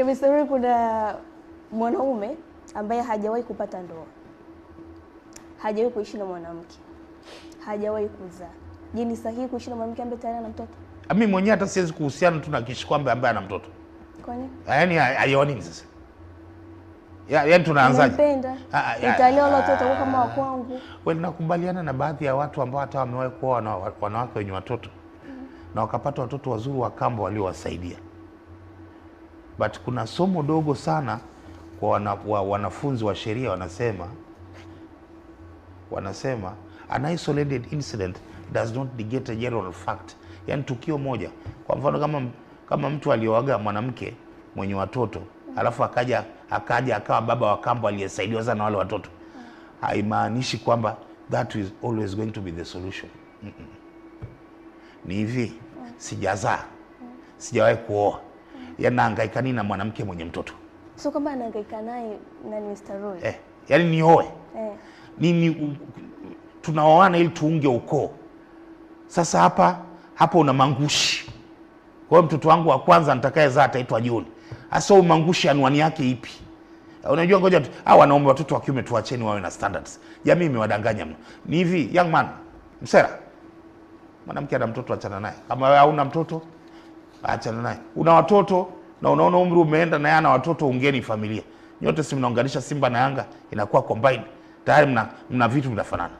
okay, Mr. kuna mwanaume ambaye hajawahi kupata ndoa, hajawahi kuishi na mwanamke, hajawahi kuzaa. Je, ni sahihi kuishi na mwanamke ambaye tayari ana mtoto? Mimi mwenyewe hata siwezi kuhusiana tu na kishi kwamba ambaye ana mtoto. Kwa nini? Ah, yaani haionini sasa. Ya, yani tunaanzaje? Italia ah, ah, wala watoto kama wa kwangu. Wewe nakubaliana na baadhi ya watu ambao hata wamewahi kuoa wanawake wenye watoto. Mm. Na wakapata watoto wazuri wa kambo waliowasaidia but kuna somo dogo sana kwa wana, wa, wanafunzi wa sheria wanasema wanasema an isolated incident does not negate a general fact, yani tukio moja. Kwa mfano kama, kama mtu alioaga mwanamke mwenye watoto alafu akaja akaja akawa baba wa kambo aliyesaidiwa sana wale watoto, haimaanishi kwamba that is always going to be the solution. Mm -mm. Ni hivi, sijazaa, sijawahi kuoa yanahangaika nini na mwanamke mwenye mtoto? Sio kwamba anahangaika naye na Mr. Roy. Eh, yaani nioe. Eh. Nini tunaoana ili tuunge ukoo. Sasa hapa hapo una mangushi. Kwa hiyo mtoto wangu wa kwanza nitakayezaa ataitwa John. Hasa mangushi anwani yake ipi? Unajua, ngoja tu ah, wanaume watoto wa kiume tuacheni wawe na standards. Jamii imewadanganya mno. Ni hivi young man, msera mwanamke ana mtoto achana naye, kama wewe hauna mtoto achana naye. Una watoto na unaona umri umeenda na yana watoto, ungeni familia nyote, si mnaunganisha Simba na Yanga, inakuwa combined tayari, mna, mna vitu vinafanana,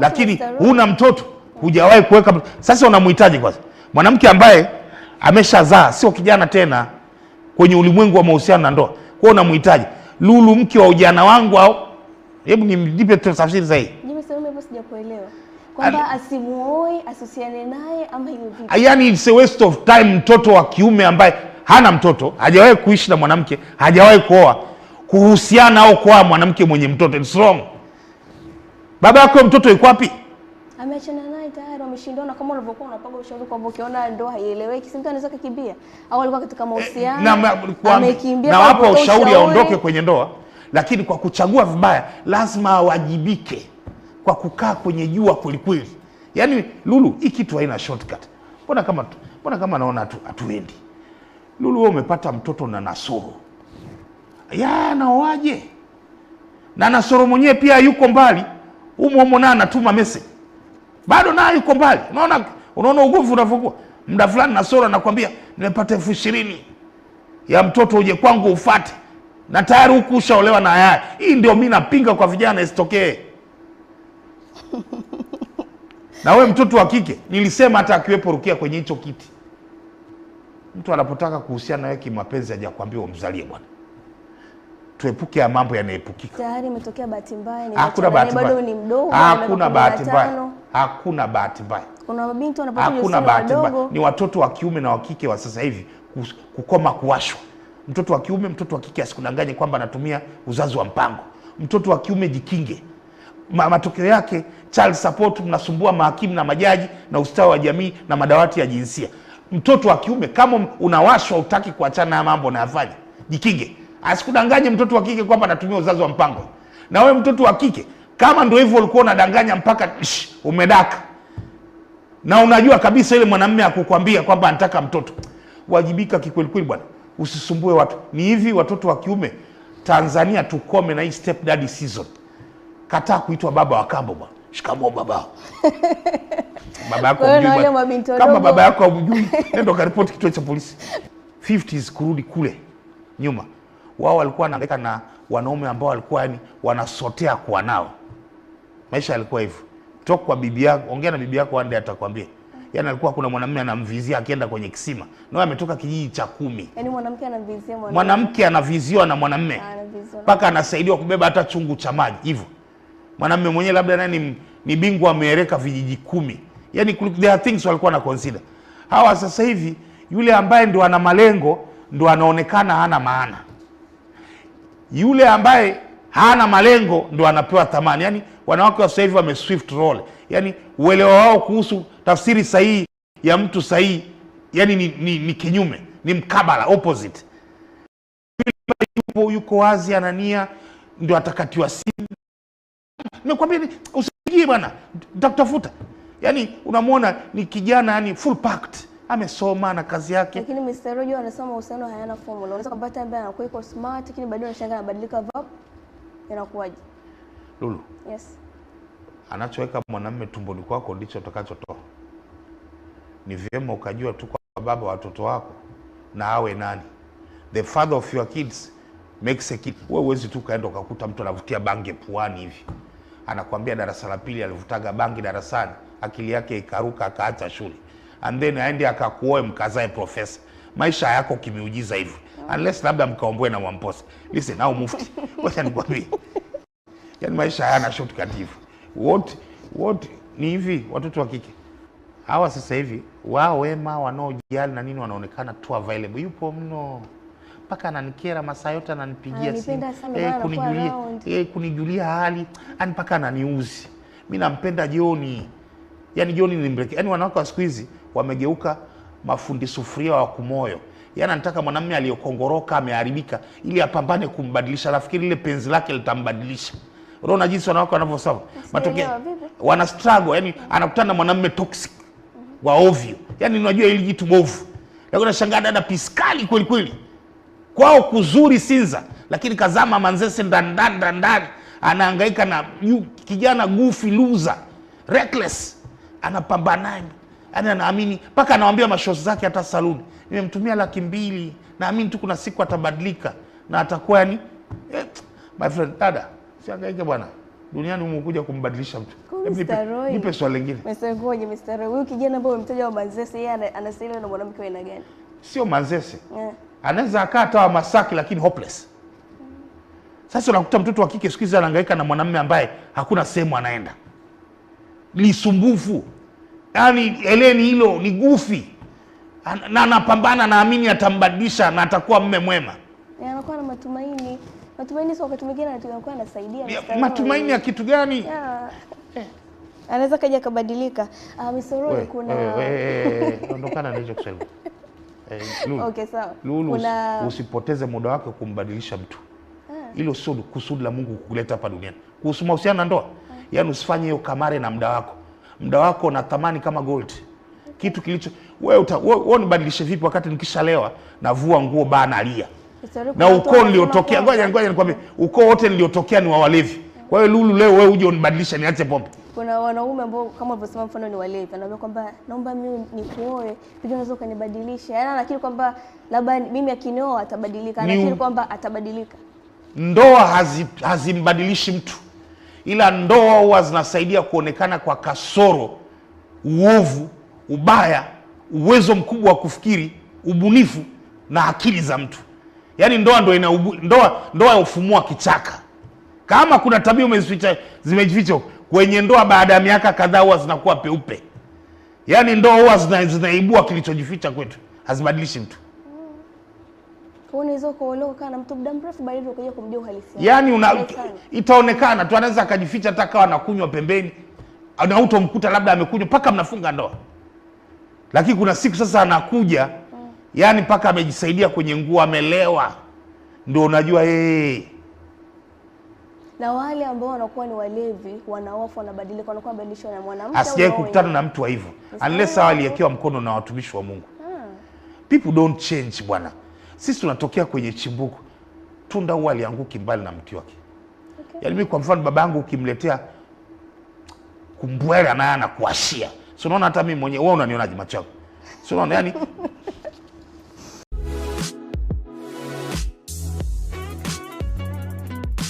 lakini huna mtoto, hujawahi kuweka. Sasa unamhitaji kwanza mwanamke ambaye ameshazaa, sio kijana tena kwenye ulimwengu wa mahusiano na ndoa, kwa unamhitaji Lulu, mke wa ujana wangu, au hebu nimjipe tafsiri zaidi. Sijakuelewa kwamba asimuoe, asihusiane naye ama hiyo vipi? Yaani it's a waste of time. Mtoto wa kiume ambaye hana mtoto, hajawahi kuishi na mwanamke, hajawahi kuoa, kuhusiana au kuoa mwanamke mwenye mtoto, it's wrong. Baba yako mtoto yuko wapi? Ameachana naye tayari, wameshindana kama ulivyokuwa unapaga ushauri kwamba ukiona ndoa haieleweki, si mtu anaweza kukimbia, au alikuwa katika mahusiano eh, amekimbia. Na wapo ushauri aondoke kwenye ndoa, lakini kwa kuchagua vibaya lazima awajibike kwa kukaa kwenye jua kwelikweli. Yaani Lulu, hii kitu haina shortcut. Mbona kama mbona kama naona tu hatuendi. Lulu, wewe umepata mtoto na Nasoro. Ya naoaje? Na Nasoro mwenyewe pia yuko mbali. Umo umo na anatuma message. Bado naye yuko mbali. Unaona unaona ugovu unavyokuwa. Muda fulani Nasoro anakuambia nimepata elfu ishirini ya mtoto uje kwangu ufate. Na tayari huku ushaolewa na yaya. Hii ndio mimi napinga kwa vijana isitokee. na we mtoto wa kike, nilisema hata akiwepo Rukia kwenye hicho kiti, mtu anapotaka kuhusiana na kimapenzi hajakwambia umzalie bwana. Tuepuke ya mambo yanayepukika Tayari imetokea bahati mbaya, hakuna bahati mbaya, hakuna bahati mbaya, hakuna bahati mbaya. Kuna mabinti hakuna bahati mbaya, ni watoto wa kiume na wa kike wa sasa hivi kukoma kuwashwa. Mtoto wa kiume, mtoto wa kike asikudanganye kwamba anatumia uzazi wa mpango. Mtoto wa kiume jikinge ma, matokeo yake child support, mnasumbua mahakimu na majaji na ustawi wa jamii na madawati ya jinsia. Mtoto wa kiume kama unawashwa, utaki kuachana na mambo unayafanya, jikinge, asikudanganye mtoto wa kike kwamba anatumia uzazi wa mpango. Na wewe mtoto wa kike, kama ndio hivyo ulikuwa unadanganya mpaka sh, umedaka na unajua kabisa ile mwanamume akukwambia kwamba anataka mtoto, wajibika kikwelikweli bwana, usisumbue watu. Ni hivi watoto wa kiume Tanzania, tukome na hii step daddy season kataa kuitwa baba wa kambo bwana. Shikamoo baba. Baba yako mjui. Kama baba yako hamjui, nenda karipoti kituo cha polisi. 50s kurudi kule nyuma. Wao walikuwa wanahangaika na wanaume ambao walikuwa yani wanasotea kuwa nao. Maisha yalikuwa hivyo. Toka kwa bibi yako, ongea na bibi yako one atakwambia. Yaani alikuwa kuna mwanamume anamvizia akienda kwenye kisima. Na ametoka kijiji cha kumi. Yaani mwanamke anavizia mwanamke. Mwanamke anaviziwa na mwanamume. Paka anasaidiwa kubeba hata chungu cha maji hivyo mwanamume mwenyewe labda naye ni, ni bingwa ameereka vijiji kumi. Yani there are things walikuwa na consider hawa. Sasa hivi yule ambaye ndo ana malengo ndo anaonekana hana maana, yule ambaye hana malengo ndo anapewa thamani. Yani wanawake wa sasa hivi wame swift role, yani uelewa wao kuhusu tafsiri sahihi ya mtu sahihi yani ni, ni, ni kinyume, ni mkabala, opposite. Yupo yuko wazi, anania ndio atakatiwa simu nimekwambia usiingie bwana, nitakutafuta. Yani unamwona ni kijana yani full packed amesoma na kazi yake, lakini Mr. Rojo anasema uhusiano hayana formula. Unaweza kupata ambaye anakuwa iko smart, lakini baadaye unashangaa anabadilika vibe, inakuwaje? Lulu, yes, anachoweka mwanamume tumboni kwako ndicho utakachotoa. Ni vyema ukajua tu kwa baba watoto wako na awe nani, the father of your kids makes a kid. Wewe huwezi tu kaenda ukakuta mtu anavutia bange puani hivi anakwambia darasa la pili alivutaga bangi darasani, akili yake ikaruka, akaacha shule and then aende akakuoe mkazae profesa. Maisha yako kimeujiza hivyo, unless labda mkaombwe na Mwamposa. Listen au mufti, wacha nikwambie, yani maisha hayana shortcut hivyo. What what ni hivi, watoto wa kike hawa sasa hivi wao wema, wanaojali na nini, wanaonekana tu available, yupo mno mpaka ananikera masaa yote ananipigia simu eh, kunijulia eh, kunijulia hali ani ah, mpaka ananiuzi mi nampenda jioni Yani Joni nilimreke, yani wanawake wa siku hizi wamegeuka mafundi sufuria wa kumoyo. Yani anataka mwanamume aliyokongoroka ameharibika, ili apambane kumbadilisha. Nafikiri ile penzi lake litambadilisha. Unaona jinsi wanawake wanavyosoma, matokeo wana struggle. Yani anakutana na mwanamume toxic wa ovyo, yani unajua ili jitu bovu, lakini anashangaa dada piskali kweli kweli kwao kuzuri Sinza, lakini kazama Manzese ndandani ndandani, anaangaika na yu, kijana gufi luza reckless, anapambanani yani, anaamini mpaka anawambia mashozi zake, hata saluni nimemtumia laki mbili, naamini tu kuna siku atabadilika na atakuwa yani eh, my friend, dada siangaike bwana duniani umekuja kumbadilisha mtu. Nipe swali lingine. Mr. Mr. Huyu kijana ambaye umemtaja wa Manzese, yeye anasailia na mwanamke wa aina gani? Sio Manzese. Yeah anaweza akaa hata masaki lakini hopeless. Sasa unakuta mtoto wa kike siku hizi anahangaika na mwanamume ambaye hakuna sehemu anaenda, ni sumbufu Yani eleni hilo ni gufi na anapambana, naamini atambadilisha na atakuwa mme mwema. Anakuwa na matumaini. Matumaini sio wakati mwingine anakuwa anasaidia. Matumaini ya kitu gani? Anaweza kaja akabadilika. Misoro kuna ondokana na hicho kusema Eh, Lulu, okay, sawa. Lulu una... usipoteze muda wako kumbadilisha mtu ah. hilo sio kusudi la Mungu kukuleta hapa duniani. Kuhusu mahusiano na ndoa, ah. yaani usifanye hiyo kamare na muda wako. Muda wako na thamani kama gold, kitu kilicho wewe. Wewe unibadilishe vipi wakati nikishalewa navua nguo bana alia na ukoo niliotokea? Ngoja ngoja nikwambie, ukoo wote niliotokea ni wa walevi. Kwa hiyo Lulu, leo wewe uje unibadilisha niache pombe? kuna wanaume ambao kama ulivyosema mfano ni walevi, anaambia kwamba naomba mimi nikuoe, pengine unaweza ukanibadilisha. Yaani anakiri kwamba labda mimi akinioa atabadilika, anakiri kwamba atabadilika. Ndoa hazimbadilishi hazi, mtu, ila ndoa huwa zinasaidia kuonekana kwa kasoro, uovu, ubaya, uwezo mkubwa wa kufikiri, ubunifu na akili za mtu. Yaani ndoa ndo ina ubu, ndoa ndoa ya ufumua kichaka. Kama kuna tabia umezificha zimejificha kwenye ndoa baada ya miaka kadhaa huwa zinakuwa peupe. Yaani ndoa huwa zina, zinaibua kilichojificha kwetu, hazibadilishi mtu. Yaani una itaonekana tu, anaweza akajificha hata kawa anakunywa pembeni na utomkuta labda amekunywa mpaka mnafunga ndoa, lakini kuna siku sasa anakuja mm. Yaani mpaka amejisaidia kwenye nguo, amelewa, ndio unajua yeye hey na wale ambao wanakuwa ni walevi wanaofa, wanabadilika, wanakuwa badilishwa na mwanamke. Asijai kukutana na mtu wa hivyo unless hawa aliwekewa mkono na watumishi wa Mungu. Hmm. People don't change bwana, sisi tunatokea kwenye chimbuko. Tunda huwa alianguki mbali na mti wake. Okay. Yaani mimi kwa mfano baba yangu ukimletea kumbwera naye anakuashia, so unaona hata mimi mwenyewe wewe unanionaje macho yako? So unaona yani